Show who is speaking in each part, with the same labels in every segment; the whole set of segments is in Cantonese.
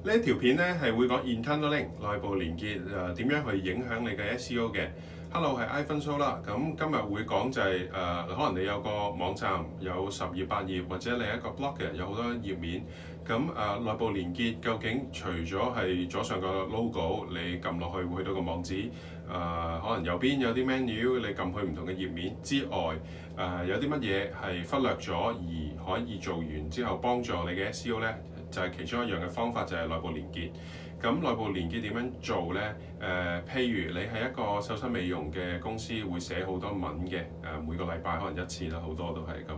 Speaker 1: 條呢一條片咧係會講 internal linking 內部連結誒點、呃、樣去影響你嘅 S E O 嘅。Hello 係 iPhone Show 啦，咁今日會講就係誒，可能你有個網站有十頁八頁，或者你一個 blog 嘅有好多頁面，咁誒內部連結究竟除咗係左上角嘅 logo 你撳落去會去到個網址誒、呃，可能右邊有啲 menu 你撳去唔同嘅頁面之外，誒、呃、有啲乜嘢係忽略咗而可以做完之後幫助你嘅 S E O 咧？就係其中一樣嘅方法，就係內部連結。咁內部連結點樣做呢？誒、呃，譬如你係一個瘦身美容嘅公司，會寫好多文嘅。誒、呃，每個禮拜可能一次啦，好多都係咁。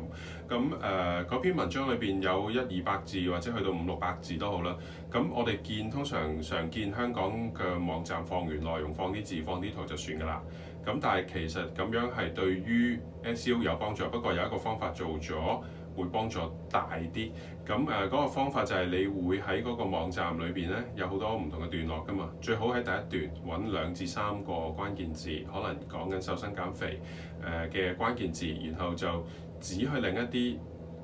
Speaker 1: 咁誒，呃、嗰篇文章裏邊有一二百字，或者去到五六百字都好啦。咁我哋見通常常見香港嘅網站放完內容，放啲字，放啲圖就算㗎啦。咁但係其實咁樣係對於 SEO 有幫助。不過有一個方法做咗，會幫助大啲。咁誒，嗰個方法就係你會喺嗰個網站裏邊咧，有好多唔同嘅段落噶嘛，最好喺第一段揾兩至三個關鍵字，可能講緊瘦身減肥誒嘅、呃、關鍵字，然後就指去另一啲。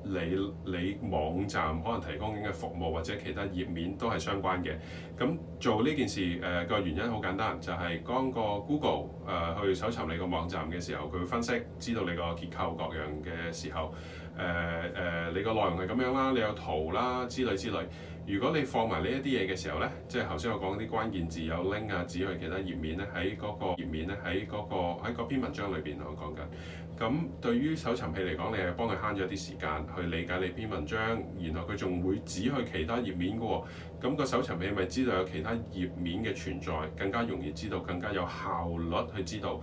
Speaker 1: 你你網站可能提供緊嘅服務或者其他頁面都係相關嘅。咁做呢件事誒個、呃、原因好簡單，就係、是、當個 Google 誒、呃、去搜尋你個網站嘅時候，佢會分析知道你個結構各樣嘅時候，誒、呃、誒、呃、你個內容係咁樣啦，你有圖啦之類之類。如果你放埋呢一啲嘢嘅時候呢，即係頭先我講啲關鍵字有 link 啊，指去其他頁面咧，喺嗰個頁面咧，喺嗰個喺嗰篇文章裏邊我講緊。咁對於搜尋器嚟講，你係幫佢慳咗啲時間去理解你篇文章，然後佢仲會指去其他頁面嘅喎。咁個搜尋器咪知道有其他頁面嘅存在，更加容易知道，更加有效率去知道。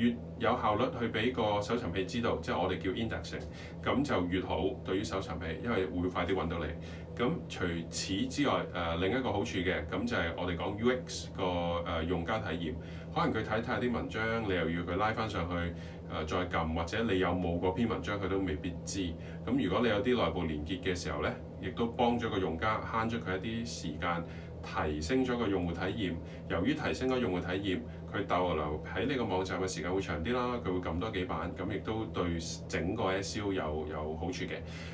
Speaker 1: 越有效率去俾個搜尋器知道，即係我哋叫 indexing 咁就越好對於搜尋器，因為會快啲揾到你。咁除此之外，誒、呃、另一個好處嘅，咁就係我哋講 UX 個誒、呃、用家體驗，可能佢睇睇下啲文章，你又要佢拉翻上去誒、呃、再撳，或者你有冇嗰篇文章佢都未必知。咁如果你有啲內部連結嘅時候咧，亦都幫咗個用家慳咗佢一啲時間。提升咗個用戶體驗，由於提升咗用戶體驗，佢逗留喺呢個網站嘅時間會長啲啦，佢會撳多幾版，咁亦都對整個 SEO 有有好處嘅。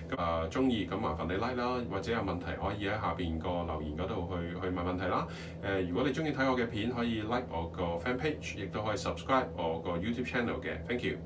Speaker 1: 咁、呃、啊，中意咁麻煩你 like 啦，或者有問題可以喺下邊個留言嗰度去去問問題啦。誒、呃，如果你中意睇我嘅片，可以 like 我個 fan page，亦都可以 subscribe 我個 YouTube channel 嘅。Thank you。